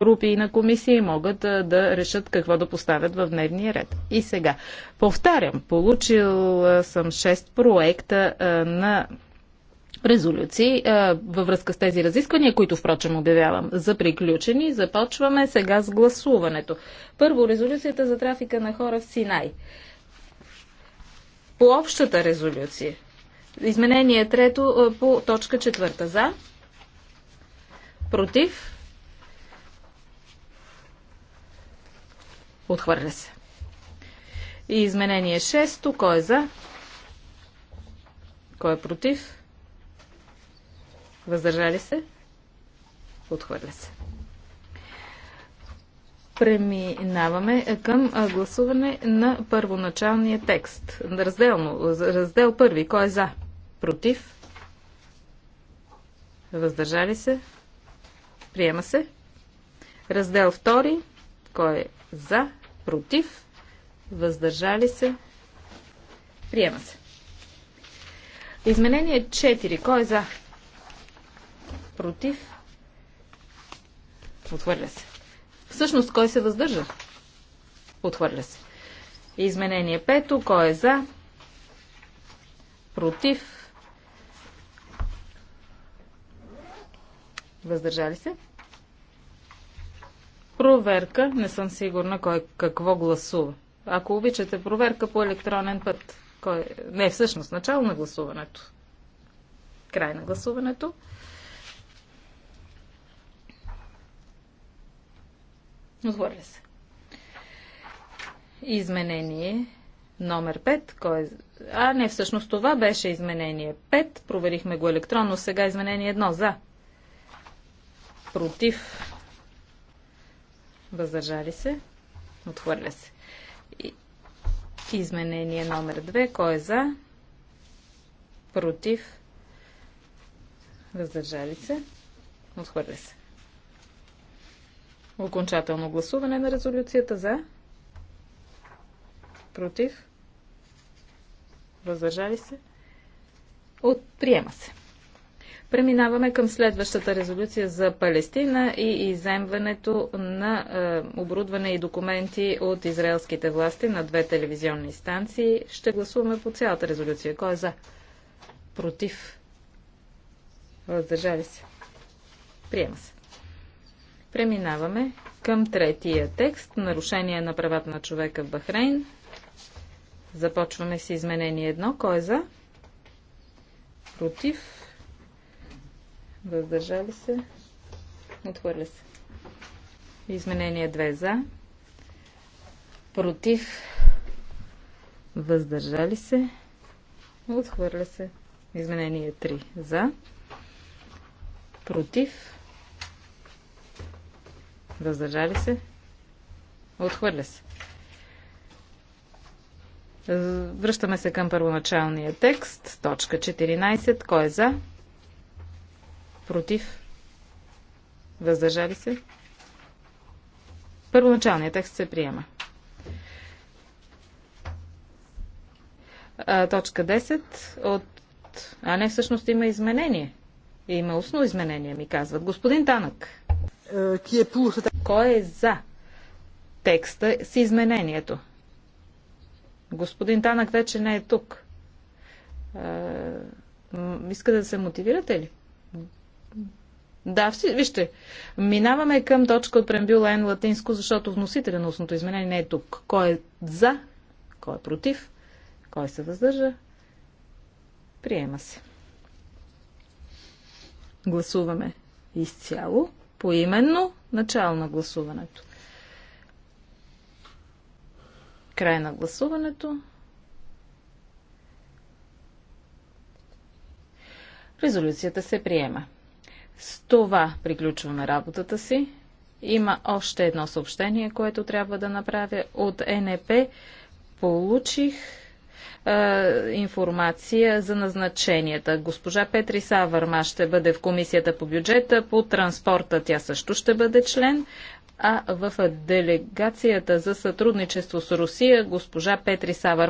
групи и на комисии могат да решат какво да поставят в дневния ред. И сега, повтарям, получил съм 6 проекта на резолюции във връзка с тези разисквания, които впрочем обявявам за приключени. Започваме сега с гласуването. Първо, резолюцията за трафика на хора в Синай. По общата резолюция. Изменение трето по точка четвърта. За. Против Отхвърля се. И изменение 6. Кой е за? Кой е против? Въздържали се? Отхвърля се. Преминаваме към гласуване на първоначалния текст. Разделно. Раздел първи. Кой е за? Против? Въздържали се? Приема се. Раздел втори. Кой е за? Против? Въздържали се? Приема се. Изменение 4. Кой е за? Против? Отхвърля се. Всъщност, кой се въздържа? Отхвърля се. Изменение 5. Кой е за? Против? Въздържали се? Проверка. Не съм сигурна кой какво гласува. Ако обичате, проверка по електронен път. Кой... Не, всъщност, начало на гласуването. Край на гласуването. Отворя се. Изменение номер 5. Кой... Е а, не, всъщност това беше изменение 5. Проверихме го електронно. Сега изменение 1. За. Против. Въздържали се. Отхвърля се. Изменение номер 2. Кой е за? Против. Въздържали се. Отхвърля се. Окончателно гласуване на резолюцията за. Против. Въздържали се. От, приема се. Преминаваме към следващата резолюция за Палестина и иземването на е, оборудване и документи от израелските власти на две телевизионни станции. Ще гласуваме по цялата резолюция. Кой е за? Против? Въздържали се? Приема се. Преминаваме към третия текст. Нарушение на правата на човека в Бахрейн. Започваме с изменение 1. Кой е за? Против? въздържали се, отхвърля се. Изменение 2 за, против, въздържали се, отхвърля се. Изменение 3 за, против, въздържали се, отхвърля се. Връщаме се към първоначалния текст, точка 14, кой е за? Против. Въздържали се. Първоначалният текст се приема. А, точка 10 от... А не, всъщност има изменение. Има устно изменение, ми казват. Господин Танък. Е, е Кой е за текста с изменението? Господин Танък вече не е тук. А, иска да се мотивирате ли? Да, вижте, минаваме към точка от прембюла Н латинско, защото вносителя на устното изменение не е тук. Кой е за, кой е против, кой се въздържа, приема се. Гласуваме изцяло, поименно, начало на гласуването. Край на гласуването. Резолюцията се приема. С това приключваме работата си. Има още едно съобщение, което трябва да направя. От НП получих информация за назначенията. Госпожа Петри Савърма ще бъде в комисията по бюджета, по транспорта тя също ще бъде член, а в делегацията за сътрудничество с Русия госпожа Петри Савърма